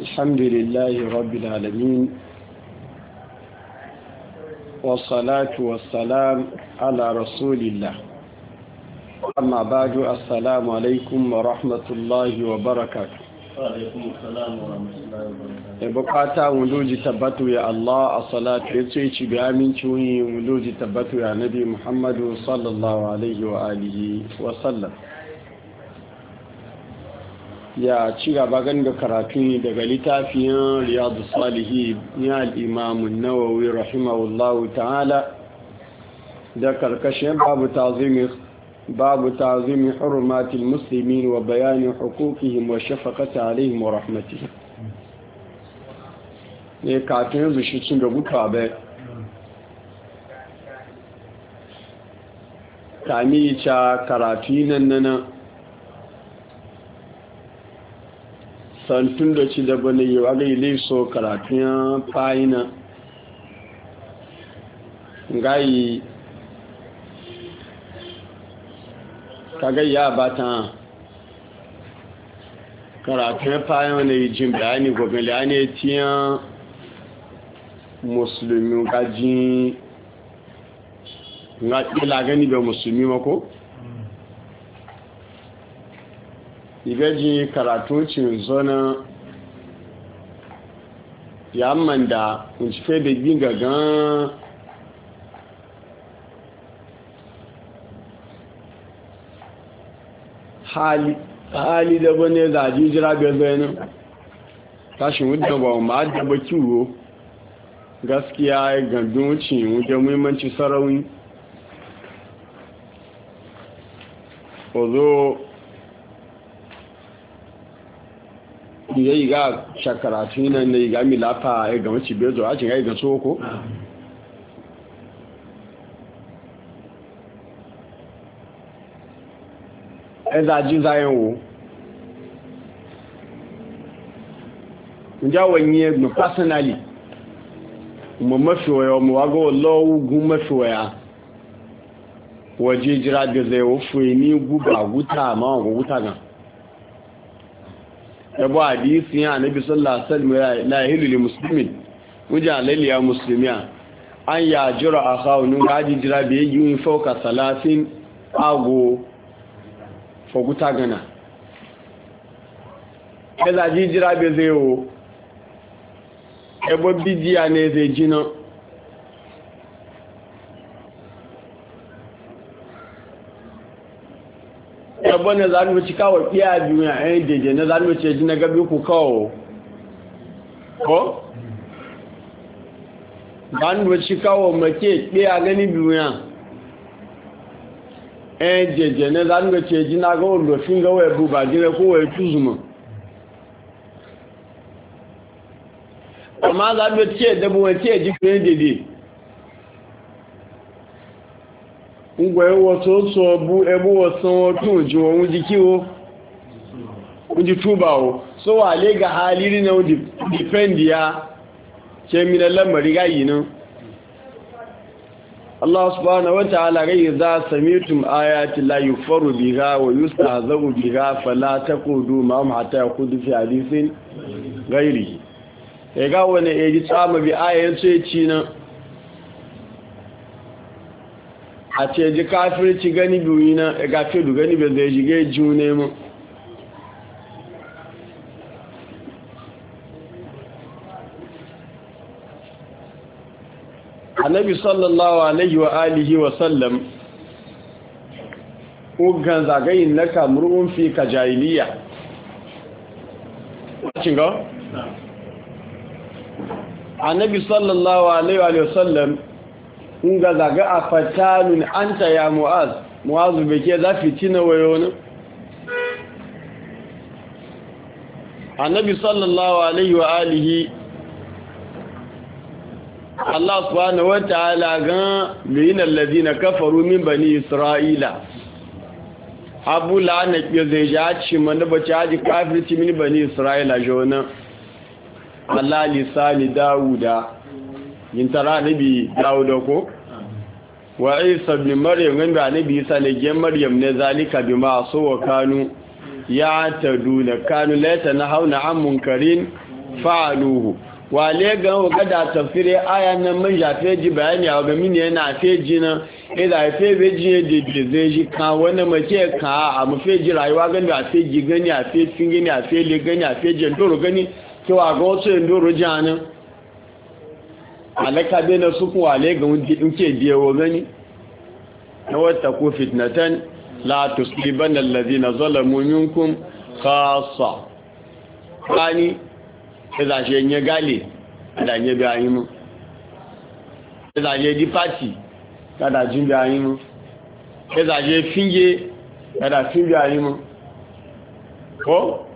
الحمد لله رب العالمين والصلاة والسلام على رسول الله أما بعد السلام عليكم ورحمة الله وبركاته وعليكم السلام ورحمة الله وبركاته بقاتا ولوجي تبتو يا الله الصلاة الله عليه ya ci gaba gan da karatu daga littafin riyadu salihi ya al'imamun nawawi rahimahullahu ta'ala da karkashin babu tazimi babu tazimi muslimin wa bayanin hukukihim wa shafaqati alaihim wa rahmati. ne kafin yanzu shi cin da guka bai kami ca karatu nan nan santun da ci daba ne yi waga ile so karatun fayina gayi kagayya ba bata karatun na yi jin bayani gobe da ne tiyan musulmi gajin ga ila gani da musulmi mako? igaji karatu cin ya manda kuncife da ginga hali da bane da jijira bezenin tashin wadda ba ma da ba kiwo gaskiya gandun wuce wuce muhimmanci sarauni ozo ya yi ga shakaratu nan na yi ga milafa ya ga mace biyar zuwa cin ya ga soko ya zaji zayen wo njawon yi egbe personally ma mafi waya ma wago wallawu gun mafi waya waje jira da zai wofu ni guba guta ma wago guta gan yabo hadisi ya annabi sallallahu alaihi wasallam la yahilu lil muslimin wuja laliya muslimiya an ya jira akhaw nun gaji jira be yi fauka salatin ago foguta gana kaza ji jira be bane za mu ci kawo fiya biyu ya ɗan deje na za mu ce ji na gabi ku kawo ko? za mu ci kawo mace fiya gani biyu ya ɗan deje na za mu ce ji na gawo lofin gawo ya buba jire kowa ya tuzuma amma za mu ce dabo wace ji fiye daidai ngwa ẹwọ tó sọ ọbú ẹbú ọ̀sán ọdún òjì wọn oúnjẹ kí o oúnjẹ túbà o so wà lé ga ha lírí na oúnjẹ dìpẹ́ndì ya ṣe mi na lamari gáyì nan Allah subhanahu wa ta'ala gai za samitum ayati la yufaru biha wa yustahzaru biha fala taqudu ma hum hatta yaqudu fi hadithin ghairihi e wani e tsama bi ayatin ci nan a ce ji kafirci gani biyu na e gafiru gani bai zai shige june mu annabi sallallahu alaihi wa alihi wa sallam ugan zagayin na kamurun fi ka jahiliya wacin ga? annabi sallallahu alaihi wa sallam in ga zaga a fatanun an ta ya mu'az mu'azu bai ke za fi na wayo ne annabi sallallahu alaihi wa alihi Allah subhanahu wa ta'ala gan lina alladhina kafaru min bani isra'ila abu na ke zai ja ci mana bace haji kafirci min bani isra'ila jona Allah ni Dawuda. yintara nabi dawuda ko wa isa ibn maryam inda nabi isa ne gen maryam ne zalika bi ma so wa kanu ya taduna kanu laita na hauna an munkarin fa'aluhu wa le ga o kada tafsire aya nan mun ya ji bayani a ga mini yana feji nan idan e feji ne da zai ji ka wani mace ka a mu fe ji rayuwa ga gani a ji gani a feji gani a le gani a feji ndoro gani to a ga wasu doro janin alaka bai na sukun wale ga nke biyawo gani na wata ku fitnatan la tusiban allazina zalamu minkum khassa bani iza je nye gale da nye bi ayin mu iza je di party kada jin bi ayin mu iza je finje kada fin bi ayin mu ko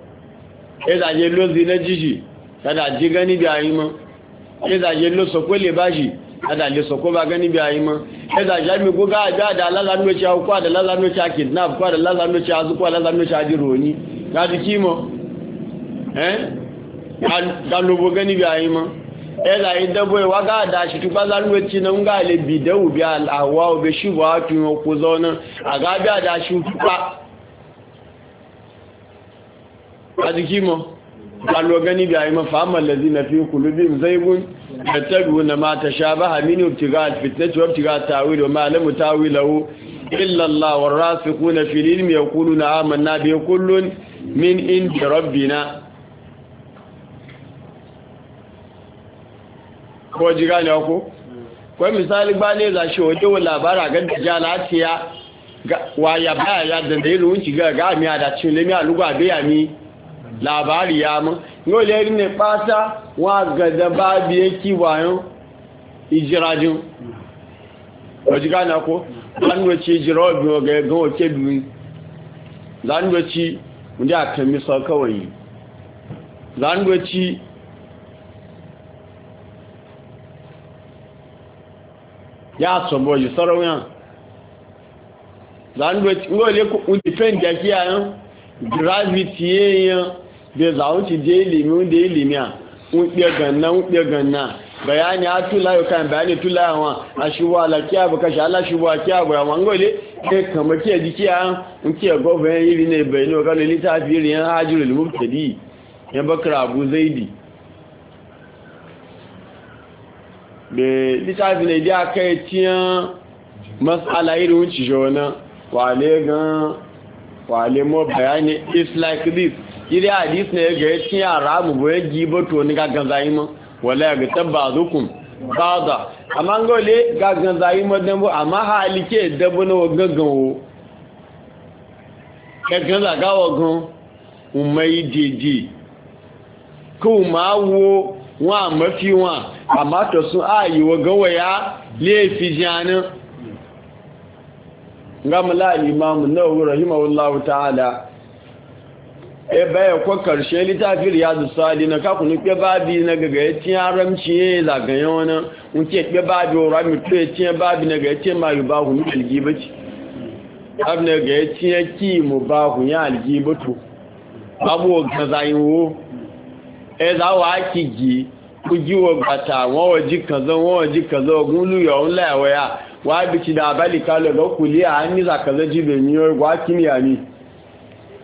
iza je lozi na jiji kada ji gani bi ẹ̀dà yẹ ló sọ̀kọ́ lè bá ṣì ẹ̀dà lè sọ̀kọ́ bá gẹ́ níbi àyímọ́ ẹ̀dà jami gógá àjá àdà alálànúṣà okó àdà alálànúṣà kìdnap kó àdà alálànúṣà azúkó alálànúṣà adìrò òní láti kí mọ́ ẹ́ dalobo gẹ́ níbi àyímọ́ ẹ̀dà ìdẹ́bọ̀ ìwágá àdà àṣìtúpá lánúṣì náà ń gà lè bìdẹ́wù bí kalo gani da yi mafahimar da zina fi kulubin zaibun da tabi na mata sha ba hamini obtiga fitnati obtiga tawi da malamu tawi lau illallah wa rasu kuna filin mai kulu na aman na kullun min in ji rabbina ko ji gani ku kwa misali ba ne za shi wajewa labara ga da ja lafiya waya baya ya dandayi lunci ga gami a da cin lemi a lugu a biya ni labari ya mu yau ne fata wa ga da babu ya kiwayen ijirajin wajen gana ko zanuwaci ijira obi ga yagan wake biyu zanuwaci wanda a kan misa kawai zanuwaci ya sọ̀bọ̀ yìí sọ́rọ̀ wọn zanuwaci ngọ́ ilé kò kún dìfẹ́ ìjàkíyà yán gravity bai zaunci je ilimi wanda ya ilimi a wunɗe ganna wunɗe ganna bayani a tula yau kan bayani tula yawa a shiwa ala kiya bu kashe ala shiwa kiya bu yawa ngole ke kama kiya ji kiya in kiya gofa yan iri ne bai bayani wa kanu littafi iri yan hajjuru limubtadi yan bakar abu zaidi bai littafi ne da aka yi e tiyan matsala iri wunci shi wani wale gan wale mo bayani it's like this ile hadis ne ga yace yara mu boye gibo to ni ga ganzayi mu wala ga tabazukum bada amma ngole ga ganzayi mu dan bu amma halike dabu no gangan wo ka ganza ga wogun umai didi ko ma wo wa mafi wa amma to sun ayi wa gawaya lefi jani ngamla al-imam nawawi rahimahullahu ta'ala e baya kwa karshe littafi riyadu sali na kakun pe babi na gaga ya ci haramci ya yi zagaye wani wuce pe babi wa rami to ya ci babi na ga ya ce ma yi ba hunu algibaci abu na ga ya ci ya ki mu ba hunya algibatu abu ga zayin wo e za wa aki gi ku ji wa bata wọn ji kaza wọn ji kaza ogun luya wọn laya wa bi ci da abali kalu ga kuliya an yi zakaza jibe miyo gwa kimiyya ne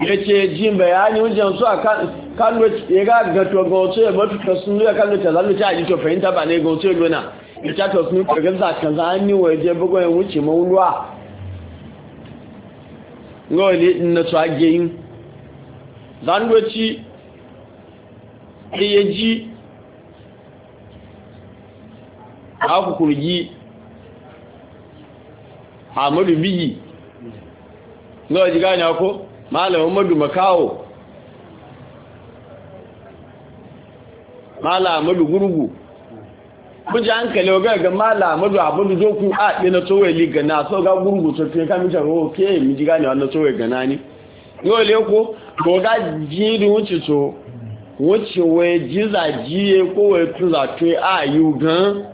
ya ce jin bayani wajen su a kan ya ga gato ga ya mutu ta ya zuwa kan ta zalu ta ajito fahimta ba ne ga wato lona ya ta ta sun kargan za ka zani waje bugo ya wuce mauluwa ngoli na to ageyin zandoci ya ji aku kurgi hamadu biyi ngoli gani ako malamin madu makawo malamin madu gurgu kuji hankali oga ga malamin madu abudu zokun a ɗi na tsowe liga na so ga gurgu so fiye kamin can oke miji gane wannan tsowe gana ni yau le ko ko ga jiri wuce so wuce wai jiza jiye ko wai tuza tuye a yi gan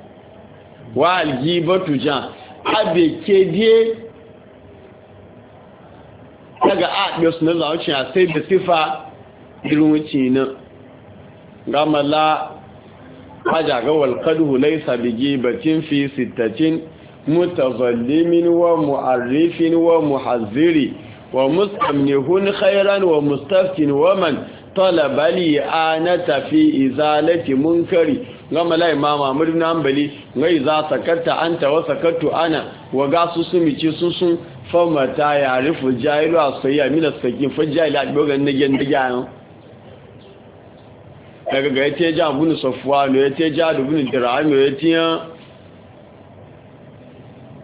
wa algibatu jan abe ke die daga a ɗaya su na zawucin a sai da sifa girwuci nan gamala haja ga walƙadu laisa sabigi batin fi sittacin wa mu'arrifin wa muhaziri wa mus'a'mnihun khairan wa mustafin wa man talabali na tafi izalati munkari gama la imama murnan bali ngai za an anta wa sakatu ana wa gasu sumici sun? famata ya rufu jahilu a sayya mina sakin fa jahilu a dogon nagen da gano daga ga ya te ja bunu safuwa ne ya te ja dubunin dirhami ya te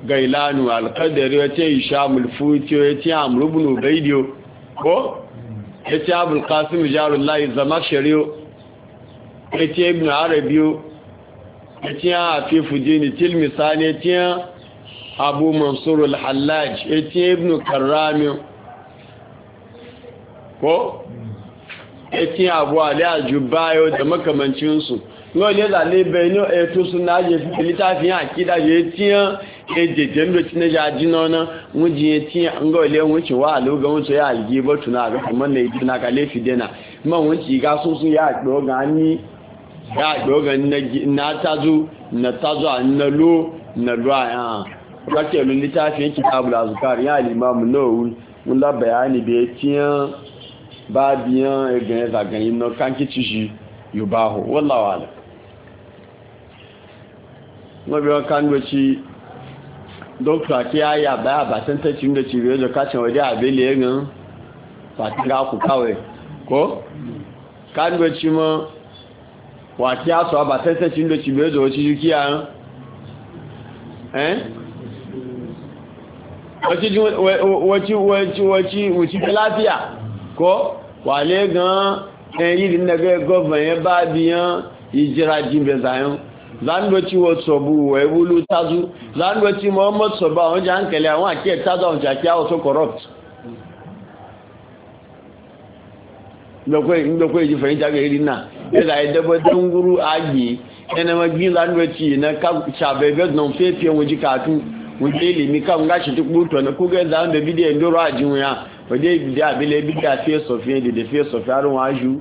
gailanu alkadari ya te sha mulfuti ya te amurubun ubaidiyo ko ya te abul kasim jarun layi zama shari'o ya te ibn arabiyo ya te hafi fujini tilmisa ne ya te abu mansur al-hallaj eti ibn karami ko yace abu ali ajubayo da makamancin su ngo le da le be no e to suna je fili ta fi akida ye na e je je ndo ja jino na mu je tian ngo le mu ci wa lo ga so ya algi ba tuna ga kuma ne tuna ka le fi dena ma mu ci ga so so ya do ga ya na ta na ta an na lo na lo a kake min littafin kitabul azkar ya bayani be tiyan ba biyan egan yin kan yubahu wallahi wala kan doctor ki aya ba ba san ta cin da ci rejo ka cin waje abele ngan fatika ku kawe ko kan go mo wa ki aso ba san ta cin da ci eh wacce ta lafiya ko wale gan ɗan yi da ga gwamnan ya ba biyan hijira jimbe zayen zandoci wasu bu wa wulu tazu zandoci muhammadu soba wajen hankali awon ake tazu awon jaki awon so corrupt ndokwe agi yana na shabegat non fefiyan wajen wuje ilimi kan gashi duk mutu na kuga yanzu an da bidiyon doro a jin wuya waje ya abile bidi a fiye sofiye da da fiye sofiye harin waju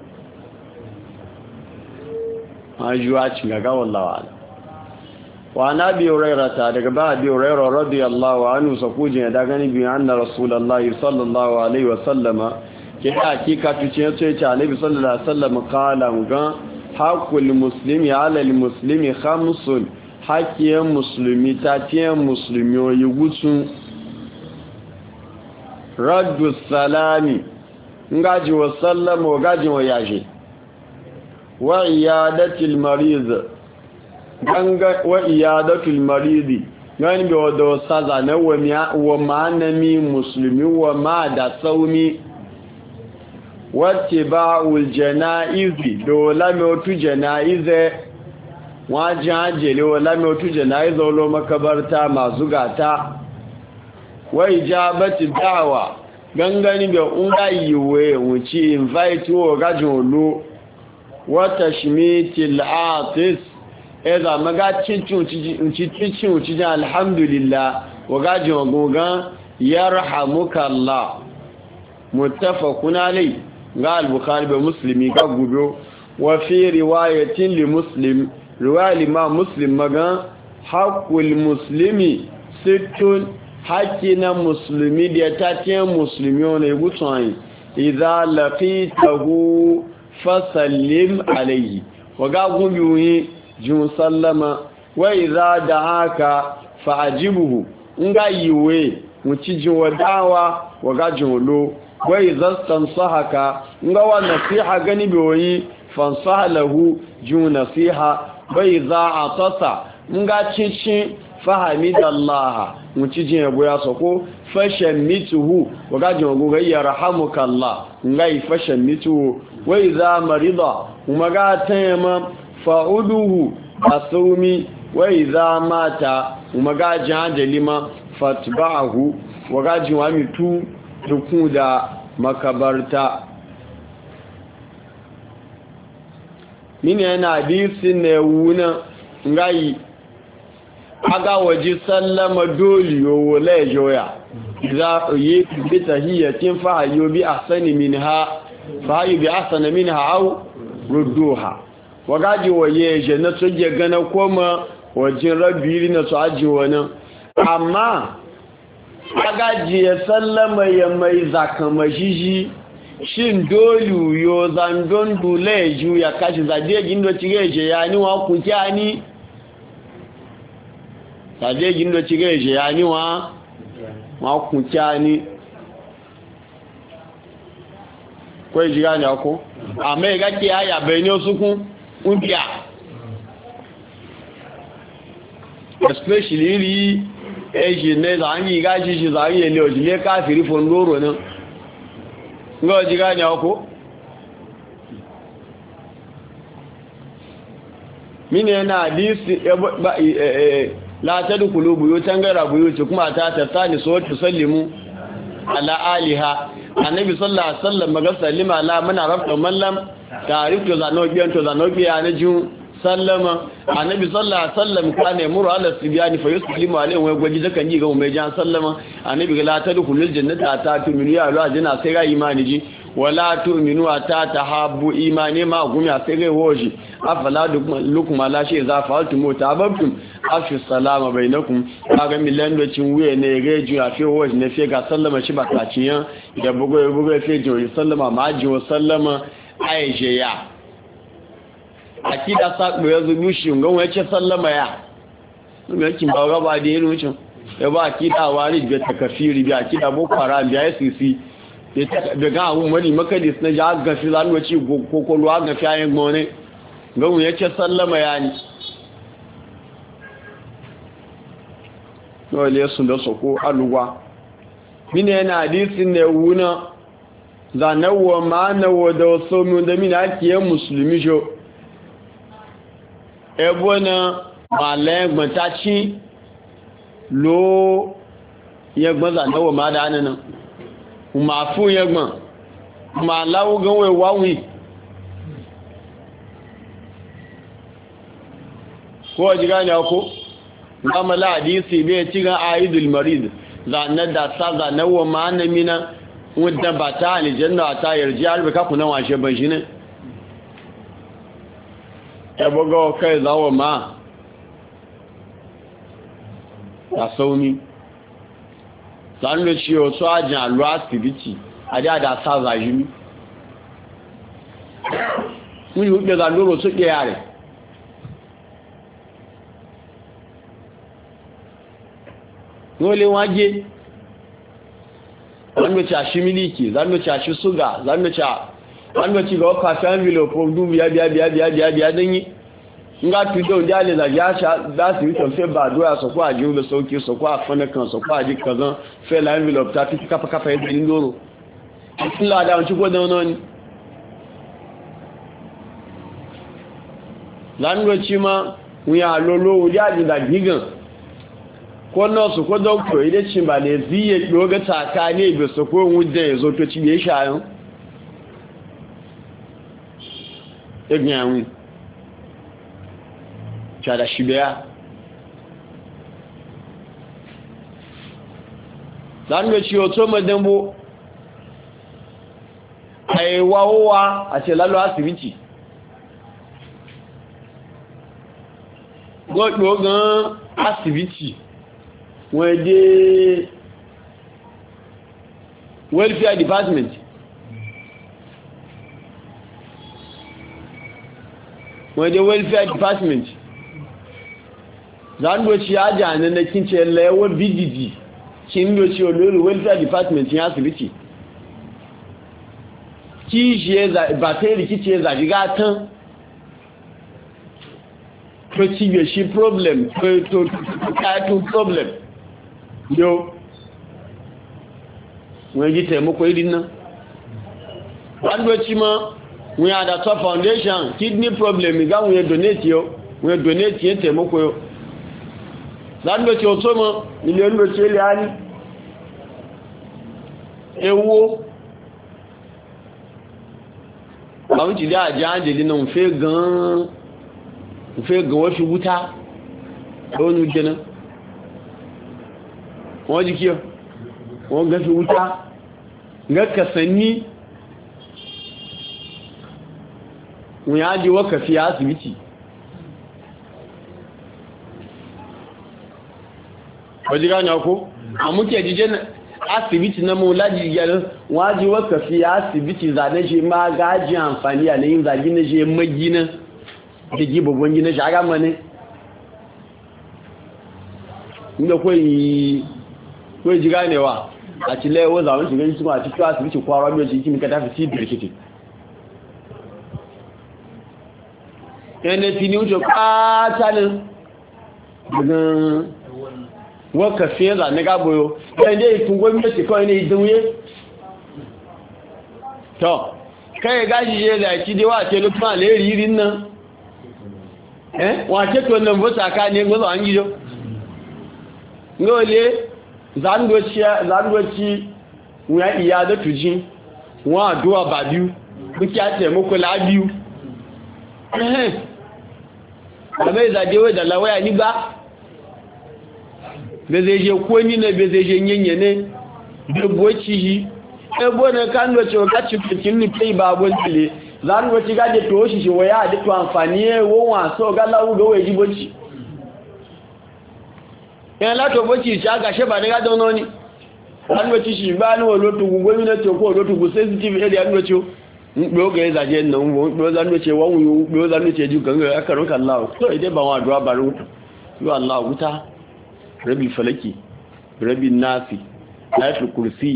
waju a cin gaga wallawa wa na biyu rairata daga ba biyu raira Allah wa hannu sakujin ya dagani biyu an na Allah sallallahu alaihi wasallama ke da hakika tuce ya ce ce alaihi sallallahu alaihi sallama kala mugan hakul muslimi alal muslimi khamsun hakiyan musulmi tatiyen musulmi oyi gutsun raddu salami gaji wa sallama wa gaji wa yashe wa iyadatul mariz ganga wa iyadatul mariz gani bi wa da saza na wa miya wa manami musulmi wa ma da saumi wa tiba'ul janaizi dole mai otu janaize wajen hajjele wa na yi lo makabarta masu gata wai jabati dawa gangani ga unga yiwe wuce invite wa gajin olo wata shimitil artist ẹza maga cincin ucijin alhamdulillah wa gajin ogogon yarhamukallah muttafaqun alai ga al-bukhari da muslimi ga gubo wa fi riwayatin li musulmi? ruwa lima muslim maga haƙul musulmi sittun haƙƙi na musulmi da ya tafiye musulmi wani gutsoni idza laqitahu fasallim alayhi waga gumbi wuyi sallama wa idza da'aka fa'ajibuhu nga yiwe muci jin wadawa waga jin lo wa idza stansahaka nga wa nasiha gani boyi wuyi ju lahu nasiha bai za a tasa nga cici fahimidallaha muci jin yabo ya sako fashen mituhu waga jin wago ga iya rahamuka nga yi fashen mituhu wai za marida kuma ga taimama fa'uduhu a wai za mata kuma ga jin adalima fatba'ahu jin wa mitu dukku da makabarta mini yana disi na wuna ngayi aga waje sallama doli yowo laijoya za a yi bi tahiyyatin fahayo bi asani minha fahayo bi asana minha au rudduha wagaji waye je na tsoje gana koma wajin rabiri na su aji wani amma agaji ya sallama ya mai zakamashiji shin dole yo zandon dule juya kashi zadegin da cigeje ya ni wa kuki ani zadegin da cigeje ya ni wa wa kuki ani kwai jiga ni ako amma ya gake ya yabe ne sukun ubiya especially ri eji neza zanyi gaji shi zanyi ne ojile kafiri fondoro nan ngawa ji gane ko mini yana hadisi e, e, e, la ta dukulu buyutan gara buyuti kuma ta tattali so ta sallimu ala aliha annabi sallallahu alaihi wasallam maga sallima la muna rafa mallam tarifu zanobiyan to ya na jun sallama annabi sallallahu alaihi wasallam kana yamuru ala sibyani fa yuslimu alaihi wa gwaji da kan yi ga mai jan sallama annabi la tadkhulul jannata ta tuminu ya Allah jina sai ga imani ji wala tuminu ta tahabbu imani ma gumi sai ga woji afala lukum ala shi za fa'altum mutababtum afi salama bainakum kaga milan da cin wuye ne ga ji afi woji ne sai ga sallama shi bakaciyan da bugo bugo sai ji sallama ma ji sallama aisha ya akida sa mu yanzu mushi ngan wai ce sallama ya mun yake ba ga ba da yin wucin ya ba akida wani ta takafiri bi akida boko haram bi sisi? da ga hun wani makadis na ja ga shi zan ko kokolo ga fiyayen gone ngan wai ce sallama ya ni dole sun da soko aluwa mine yana hadisin ne wuna zanawo ma'anawo da wasu mun da mina ake musulmi jo ẹgbọ́ na màlẹ́ gbọ̀ntáchí ló yẹgbọ́n zànáwò máa dáná na ma fún yẹgbọ́n ma láwó gánwò wáwí kowa ji gane ko gama hadisi bai ci gan aidul marid zane da sa zane wa ma'anamina wadda ba ta alijanna ta yarji albuka kunan washe ban shi ne ebogo kai zawo ma ta sauni sanu ci o so ajin alu asibiti ade ada saza yimi mu yu gbe za loro so gbe are no le waje zanu angoci ga ọka sa envelope ogdu bịa biya biya biya biya bịa denyi nga tudo ndị a leza ya sha dasi wito fe ba doya sokwa ji ube soki sokwa afana sokwa ji kazan fe la ta kapa kapa ilé ní ohun ẹgbìn àwọn ṣàdà ṣìbẹ̀yà lánàmẹ́ṣì ọ̀tọ́ mẹ́dẹ́mbó àìwà ówà àti ìlàlọ́ àsìríkì gọ́gbọ́ gan àsìríkì wọ́n dé welfare department wajen welfare department za ndo ci ya jani na kince laiwa bdd ki ndo ci olori welfare department ya asibiti ki shi ya ba ta yi rikici ya zaji gatan to cibe shi problem to kayatun problem yau wani ji taimako irin nan ɓandoci ma we are the foundation kidney problem ga we donate yo we donate yin taimako yo zan da ce oto mo miliyan da ce liyani ewo àwọn ti dá àjá àjèlé náà ń fẹ́ gan-an ń fẹ́ gan wọ́n fi wúta lónú jẹna wọ́n jí kí ọ wọ́n gan fi wúta gẹ́kẹsẹ̀ ní kun ya ji waka fi asibiti waje gani ku a muke jije asibiti na mu mulaji yalin waje waka fi asibiti za na je ma gaji amfani a na yin zagi na je magina da gibobin gina shaga mani inda kwai ji ganewa a cilewa za wani shigar cikin asibiti kwaro biyar shi kini ka tafi cikin birkitin ẹni tí ní oúnjẹ pátá ní gbogbo wọ́n kẹfì ẹ̀là ní gábòrò ẹni ìfún gómìnàtì kọ́ ní ìdúnwé tọ́ kẹ́yẹ gájíṣẹ́ ẹ̀là wà tí ẹlú pàà lè rí rí náà wọ́n àtẹ́kọ̀ ọ̀nà mọ́sàká ní ní olè wọ́n àdúwà bàbíú kí á tẹ̀ mọ́kọ̀ lábíú amma ya zage wai da lawaya ni ba da zai je komi na bai zai je yanye ne da boci yi ebo na kan da cewa ka ci cikin ni kai ba abun tile za ni wace ga to shi waya da to amfani e won wa so ga lawu ga wai boci yan la to boci sha ga she ba ne ga dono ni an wace shi ba ni wo lotu gugu ne to ko lotu gu sensitive area ni wace mkpe oge ịzaje nna mgbo mkpe oza nnoche wanwe iwu mkpe oza nnoche ju ka ngere akara ụka law so ideba nwa adụwa bara ụkwụ yiwa allah wuta rabi falaki rabi nafi laifin kursi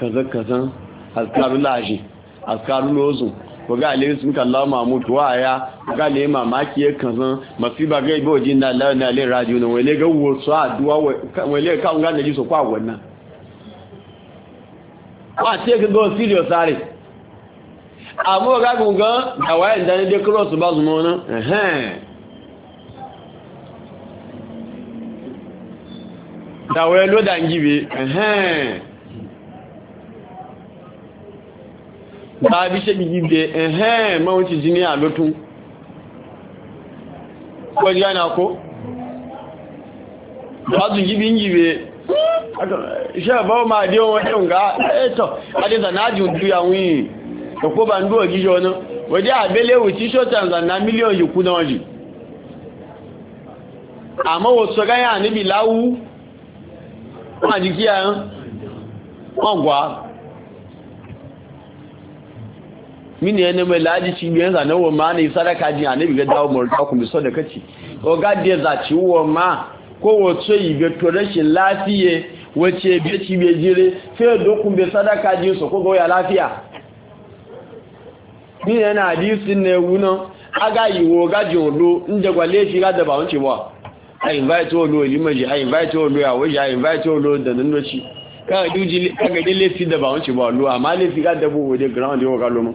kaza kaza azkaru laji azkaru lozu waga alayi sun kalla mamutu wa ya waga alayi mamaki ya kaza masiba ga ibo jin na na alayi radio na wale ga wasu aduwa wale ka nga na ji so kwa wannan ba ce ga go serious are àmú ọ̀gágun gan àwà ìdánidé kúrọ̀tù bá zùmọ́ ọ̀nà ẹ̀hẹ́n dàwẹ́ ló dà ń jíbe ẹ̀hẹ́n bábí ṣe jíbe ẹ̀hẹ́n mọ́un ti jí ní àlótún pẹ̀lú yánà kó dé ohun ẹ̀kọ́ bá ń dúró jíjọ náà wẹ́dẹ́ àbẹ́lẹ́wò tí ṣọ́tàǹsà ná mílíọ̀n yìí kú gaya jù àmọ́ wò sọ gáyà níbi láwú wọ́n àti kí ẹran wọ́n gbà á mí yi sadaka mẹ́lá ájí ti gbé ẹ̀sà náà máa so sárẹ́ka jí àníbi gẹ́dá ọmọrùtákùnmí sọ́dẹ̀kẹ́tì ọgá dẹ́zà tí wọ́n máa kówó tó ìgbẹ́ wace rẹ́ṣin ci wọ́n ti sai ti gbé jíire fẹ́ẹ̀dókùnbẹ̀ sárẹ́ka jí sọ́kógó ni yana hadisi ne wuna aga yiwo gaji olo nje gwale shi ga da ba wunce ba a invite olo limaji a invite olo ya waje a invite olo da nan doci kaga duji kaga dai lefi da ba wunce ba olo amma lefi ga da bu wode ground yau ga lomo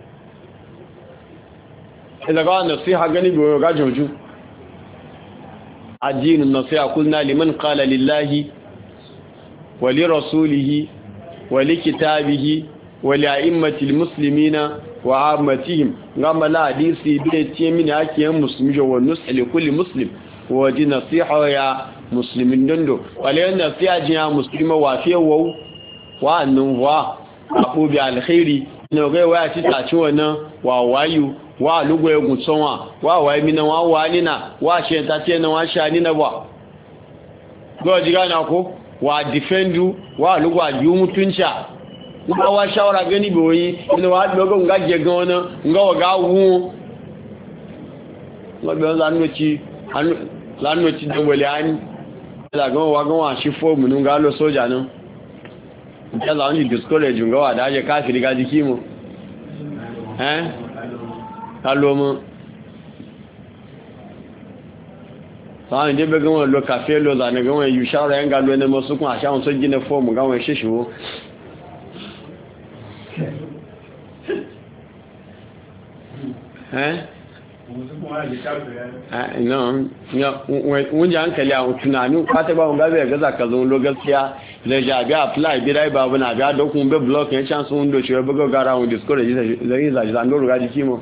ìzàgáwà nasiha gani goyo gajin ojú addinin nasiha kulna liman kala lillahi wali rasulihi wali kitabihi wali a'immatil muslimina wa ammatihim gama la hadisi bai ce mini ake yin musulmi jo wani nusali kulli muslim waje nasiha ya musulmin dondo wale yin nasiha jiya musulma wafe wau wa'annan wa a abubuwa alkhairi na gaiwa ya ci taci wannan wawayu wa lugu ya gutsonwa wa wa na wa wa nina wa she ta ce na wa sha nina ba go ji na ko wa defendu wa lugu a yu mutunca ba wa shawara gani oyi, ina wa dogo nga je gona nga wa ga wu ngo be zan no ci an zan no ci dan wale an la gon wa gon wa shi fo mu nga lo soja nan ya zan ni discourage nga wa da je kafiri ga jiki mu eh ta ló mọ́ sáwọn ìdíbẹ̀ gan wọn lọ kàfẹ́ lọ zànà gan wọn yìí ṣára yẹn ga lọ ẹni mọ́ sókún àṣà wọn tó jí ní fọ́ọ̀mù gan wọn ṣèṣìwó wunji hankali a tunanin kwata ba gabe ya gaza ka zo gaskiya da jabi a fly bi rai babu na biya dokun be block ya chance window shi ya buga gara wun discourage zai zaji zan doro gaji kimo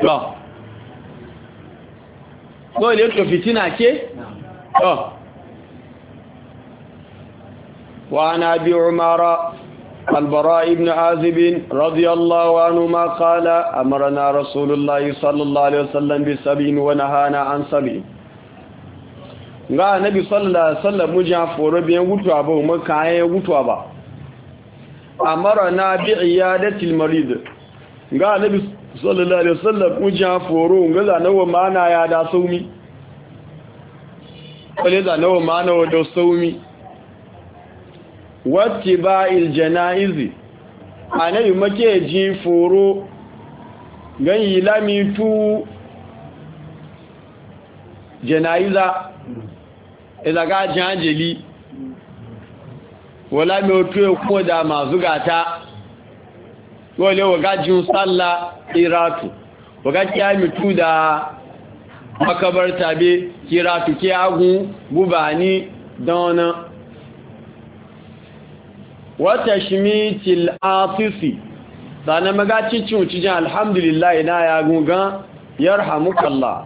to dole to fitina ke to wa ana bi umara البراء بن عازب رضي الله عنهما قال أمرنا رسول الله صلى الله عليه وسلم بسبع ونهانا عن سبع ga nabi sallallahu alaihi wasallam mujin foro biyan gutuwa ba mu kayan gutuwa ba amara na bi iyadatil marid ga nabi sallallahu alaihi wasallam uja foro ngaza nawa mana ya da saumi kole za mana wa da saumi wattiba'il janaizi anayi make ji foro Gan ganyi lamitu janaiza e ga janjeli wala me otu ya e kuma da mazugata wale wagajin sallah iratu wagaji ya mitu da makabar tabe kiratu ke agun gubani dana wata shimitil afisi sanan magaci cincin alhamdulillah na ya gan yar hamukalla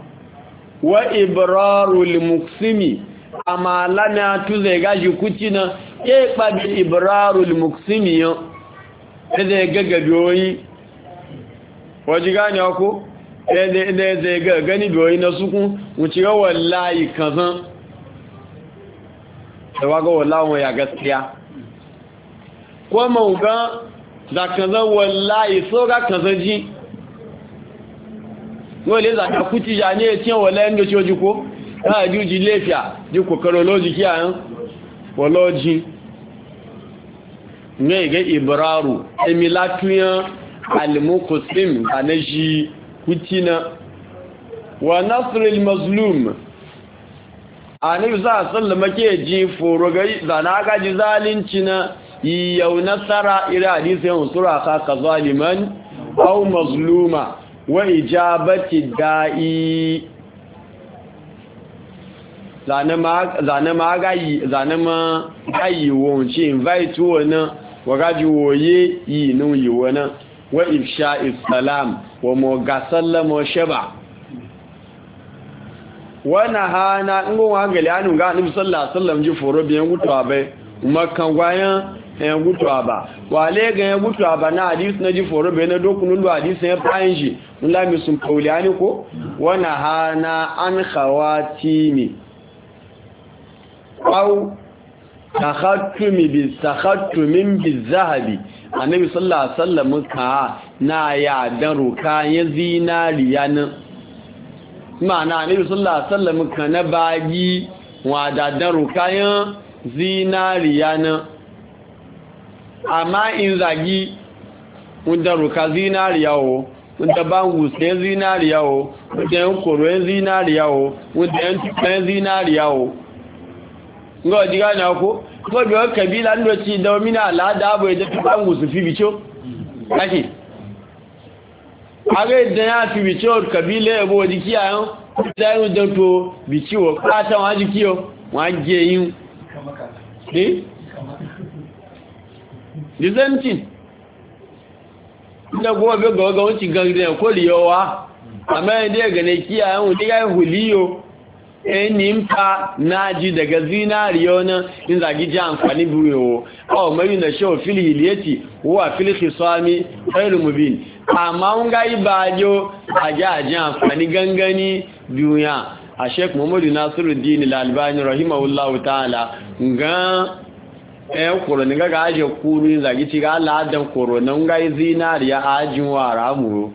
wa ibrarul muksimi ma lana tu zai gaji kucina ke kpabi ibrarul muksimi yau ɗaya ya gaga biyoyi waje gani ako ɗaya ya gaga gani na suku wuce ga wallahi kazan da waga wallahi ya gaskiya ko mauga da kazan wallahi so ga kazan ji wale za ka kuti ja ne tiyan wallahi ga ci oji ko ta ji uji lafiya ji kokaro loji kiyayen ne ga ibraru emilatuya almukusim da na ji kutina wa nasiril mazlum a nufi za a ke ji furugai da na gaji zalunci na yau nasara iri hadisi yawon ka zaliman au mazluma wa ijabati da'i zane ma gayi wonci invite wani wagaji woye yi nun yi wani wa ifsha isalam wa moga sallama shaba wani hana ingon hankali hannun ga hannun sallah sallam ji foro biyan gutuwa bai makan gwayan yan gutuwa ba wale ga yan gutuwa ba na hadis na ji foro biyan na dokunan da hadis ya bayan shi lami sun kauli ko wani hana an hawa tini takhattumi bi takhattumin bi zahabi annabi sallallahu alaihi wasallam ka na ya dan roka ya zinariya nan ma'ana annabi sallallahu alaihi wasallam ka na bagi wa da dan roka ya zinariya nan amma in zagi mun da roka zinariya wo wanda bangu sai zinariya o, wanda yan koro zinariya o, mun da tukan zinariya o. nga waji gane ko ko kuma biyar kabila ndo ci da mina al'ada abu e ya jafi ban gusu fi bicho ake aga idan ya fi bicho kabila ya e bo jiki a yan da yi da to bici wa kata wa jiki yo wa ge yi eh dizantin da gobe ga ga wancin gangan ko liyowa amma idan ya gane kiyayen wani ya huliyo ẹni mpa náàjí daga zinari yana in zagi ji amfani burewo kawo mai na shawar fili hiliyeti wa fili khisami ɗairu mubin amma n gayi ba jo a ji a ji amfani gangani duniya a sheik muhammadu nasiru dini lalbani rahimahullahu ta'ala gan ɗayan eh, koroni ga ajiye kuru in zagi ci ga al'adar koronan gayi zinari ya ajin wa ramu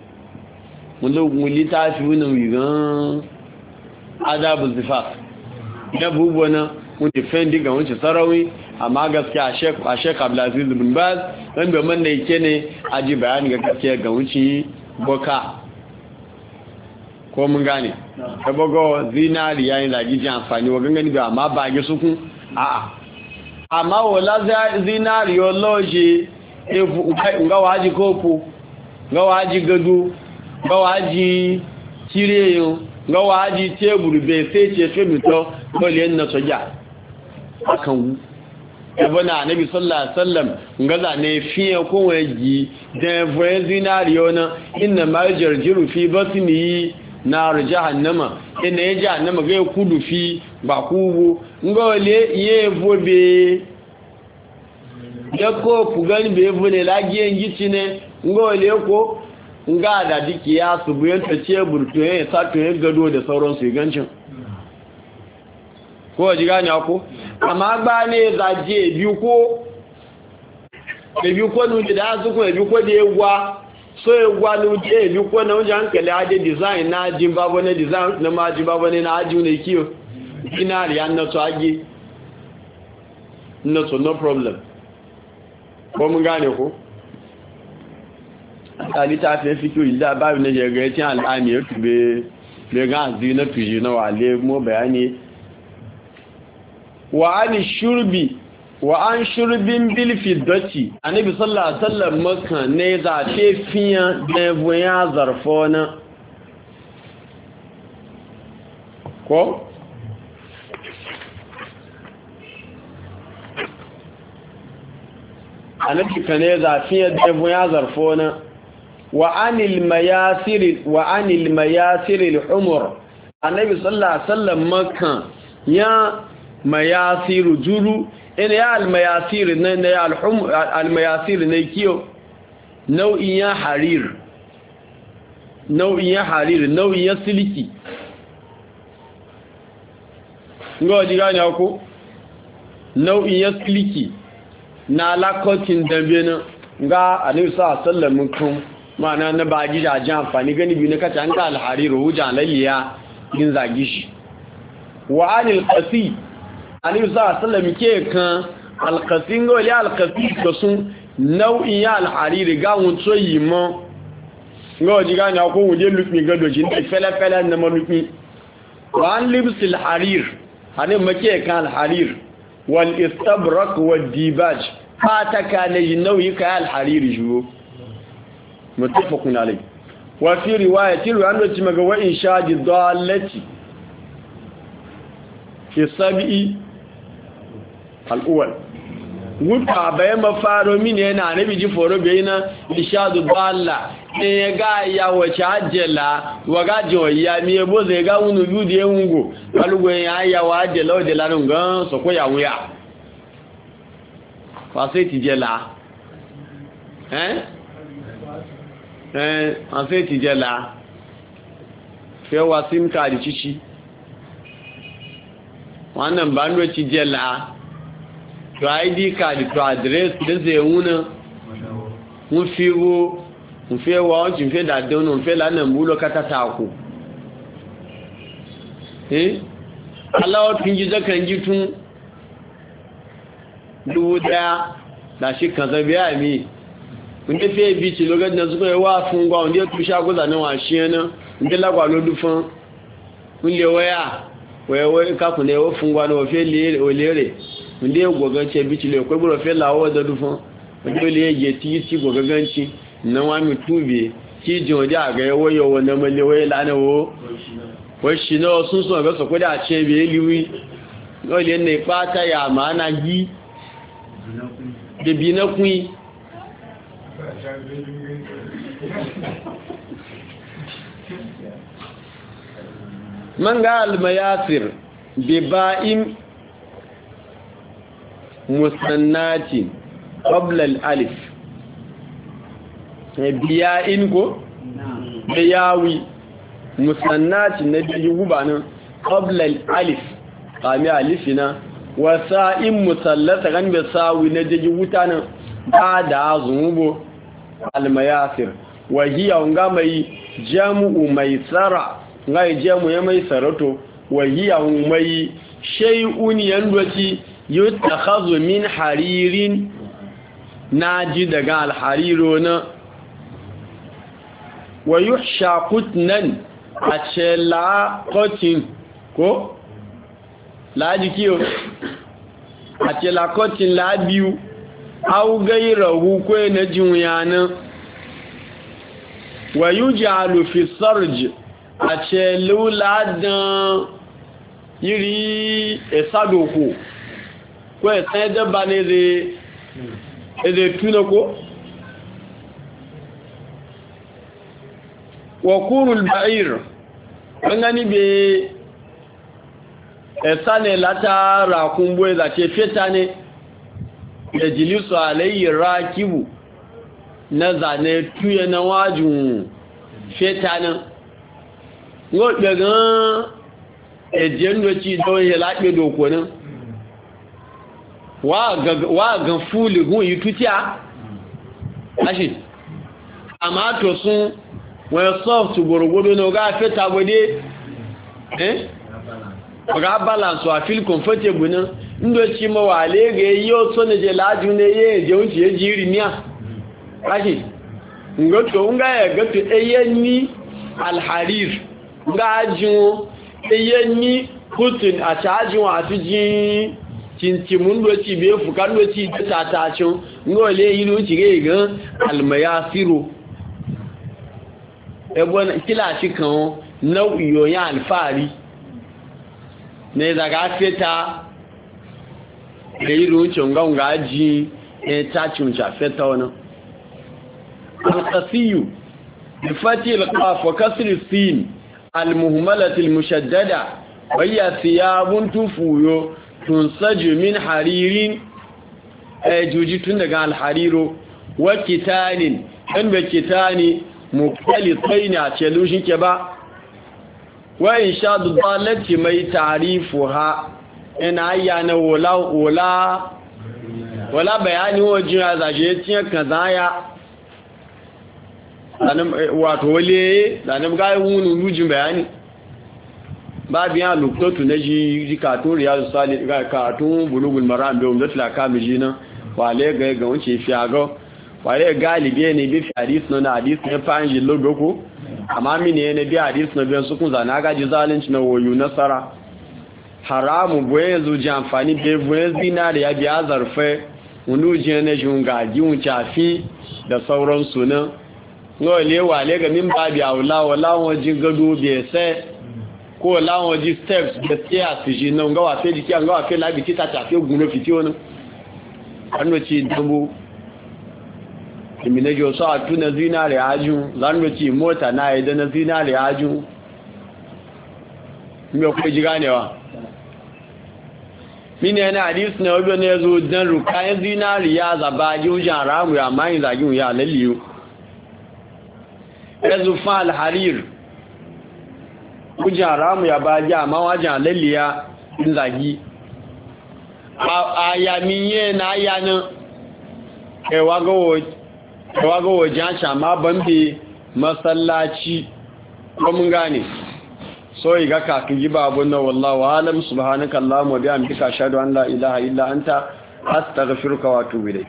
mun lita fi wunan wigan adabul zifaf da bubwana mun defendi ga wancan sarawi amma gaske a shek a shek abdulaziz bin baz dan domin da yake ne ji bayani ga gaskiya ga wanci boka ko mun gane ta bago zinari yayin da gijin amfani wa gangani da amma ba gi sukun a'a amma wala zinari yau loje efu ga waji kofu ga waji gado ga waji kireyo ga waji teburu bai sai ce ce mito kwaliyan e na soja kan wu na anabi sallallahu alaihi wasallam ngaza ne fiye kowa gi Dan vren zinariyo na inna marjar jiru fi na nar jahannama inna e ya jahannama ga e kudu fi ba kubu ngole ye vobe dako pugani be vune lagiyen gitine ngole ko nga da diki ya su buyan ta ce ya sato ya gado da sauransu ya gancin ko ji gani ako amma ba ne zaje biyu ko da biyu ko nuji da su ko biyu ko da yawa so yawa nuji da biyu ko na wuce hankali aje design na ajin babu na design na majin babu na aji ne kiyo ina riya na su agi na su no problem ko mun gane ko fẹ́ fi fito illa babu na jirgin al'ami ya tube began azi na tuji na wale mo bayani wa an shurbi wa an shurbin bil fiddati annabi sallallahu alaihi wasallam makan ne za ce fiyan da buya na kane za fiyan da zarfo na wa anil mayasiril wa anil mayasiril umur annabi sallallahu alaihi wasallam makan ya mayasiru juru ya al mayasir ne ne al hum al mayasir ne kiyo nau'in ya harir nau'in ya harir nau'in ya siliki ngo gani nau'in ya siliki na lakokin dambe na ga annabi sallallahu alaihi ma'ana na ba gija ji amfani gani biyu na kacce an ka alhari ruhuja lalliya din zagi shi wa anil qasi alayhi sallam ke kan alkasi, go ya alkasi ko sun nau'in ya alhari ga won to yi mo ngo ji ga ni ko wuje lutmi gado jin da fele fele na mo lutmi wa an libsil harir hanin make kan alharir wal istabrak wal dibaj fataka ne nau'i ka al'hariri juwo muttafaqun alayh wa fi riwayati ruwanu ci maga wa inshadi dallati fi sab'i al-awwal wuta bayan mafaro mini yana anabi ji foro bai na ishadu balla in ya ga ya wace jela wa gajin ya mi ebo ya ga wunu biyu da yawun go ya ya wa ajiyala wa jela nun gan soko ya wuya fasai ti jela eh ẹn àfẹ́ ìtìjẹ́ láà fẹ́ wa sim káàdì ṣíṣí wọ́n nà bá ń lọ ti jẹ́ láà tó id káàdì tó àdírẹ́sì lẹ́sẹ̀ ẹ̀hún náà wọ́n fi wo wọ́n fẹ́ wa ọ́n ti fẹ́ dàdán náà wọ́n fẹ́ lánà mú lọ kátàtà kù aláwọ̀ tún jí zọ́kàn jí tún dubu daya da shi kan zabi a mi nde fi ebi ti lórí ẹ̀dínà sókè wá fún gbà òndí ètò iṣẹ́ àgbọ́sà náà wà ṣí ẹná ndé lágbà lódú fún nílé wẹ́yà wẹ́wẹ́ kákùnlé ẹwọ́ fún gbà náà fẹ́ lérè ndé gbọ̀gán ti ebi ti lè pé gbọ́dọ̀ fẹ́ làwọ́ ọdọdún fún ọdún ó lè yẹ tí tí gbọ̀gán ti nà wọ́n mi túbì tí jìn òdí àgbẹ̀ ẹwọ́ yọ wọ́n náà mọ́lé wẹ́yẹ lánàá wọ́n ṣì náà súnsún yìí man ga almayasir bi ba'in musannatin qabla al-alif in ko biyawi musannatin na biyu gubanin qabla al-alif kami alifina wasa'in musallata kan bisawi na jigi wuta nan ba da zunubo almayasir wa hiya nga mai jamu mai tsara nga jamu ya mai sarato wa hiya mai shay'un yandoci yutakhadhu min haririn naji daga alhariro na wa yuhsha qutnan achela qutin la'akotin ko la'ajikiyo a ce la'akotin la'abiyu au gairahu ko na jinyana wa yujalu fi sarj a ce luladan yiri esadoko ko esan dabba ne zai ede tuna ko wa kurul ba'ir an gani be esane lata rakun boye zace feta ne da jilisu alayi, rakibu na zane tuye na wajin feta nan yau ɗagan ejiyan doci don ya laɓe dokonin wa gan fuli gun yi tutiya ashe amma to sun wani soft gbogbo na ọgá fẹ́ta gbogbo eh ọgá balance wa feel comfortable náà ndoci mawale ga yi yau so na je laju ne ya je wuce ya jiri niya kashi ngato nga ya gato eyen ni alharir ga ajin eyen ni hutun a cajin wa fi jin cincimun doci bai fukan doci da tatacin nga wale yi doci ga ga gan almayasiro e ebon kila shi kan nau'i yoyin alfari ne daga feta èyí ló ń ṣọ̀ngá ń ga jí ẹta ṣùnṣà fẹ́ta ọ̀nà alkasiyu bifati alkafa kasiri sin almuhimmalatil mushaddada wáyà siyabun tufuyo tun saju min haririn e tun daga alhariro wa kitanin ɗan da kitani muktali tsaini a celushin ke ba wa in sha dubbalatti mai tarifu ha ina ayya na wala bayani wajen ya zaje zaya wato wale zanen gaya bayani babu yana lokutotu na ji katun riyar sali katun bulugun mara biyu da tilaka miji nan wale ga ga wuce wale na na na gaji zalunci na nasara haramu boye zuji be boye zinare ya biya zarfe na da sauran lewa ga min babi gado ko steps da tiya su ji jiki labi ti guno fiti wani mota na idan na ji ganewa mini na hadisi na obi ne zo dan rukayen zinari ya zaba yujan ramu ya mayin zagin ya laliyo ezu fa alharir kujan ramu ya baji amma wajen laliya in a ayamiye na ayanin ewagowo e jan shama bambe masallaci ko mun gane so yi ga kaki ba babun na wallahu alam subhanaka allahumma bihamdika ashhadu an la ilaha illa anta astaghfiruka wa atubu ilayk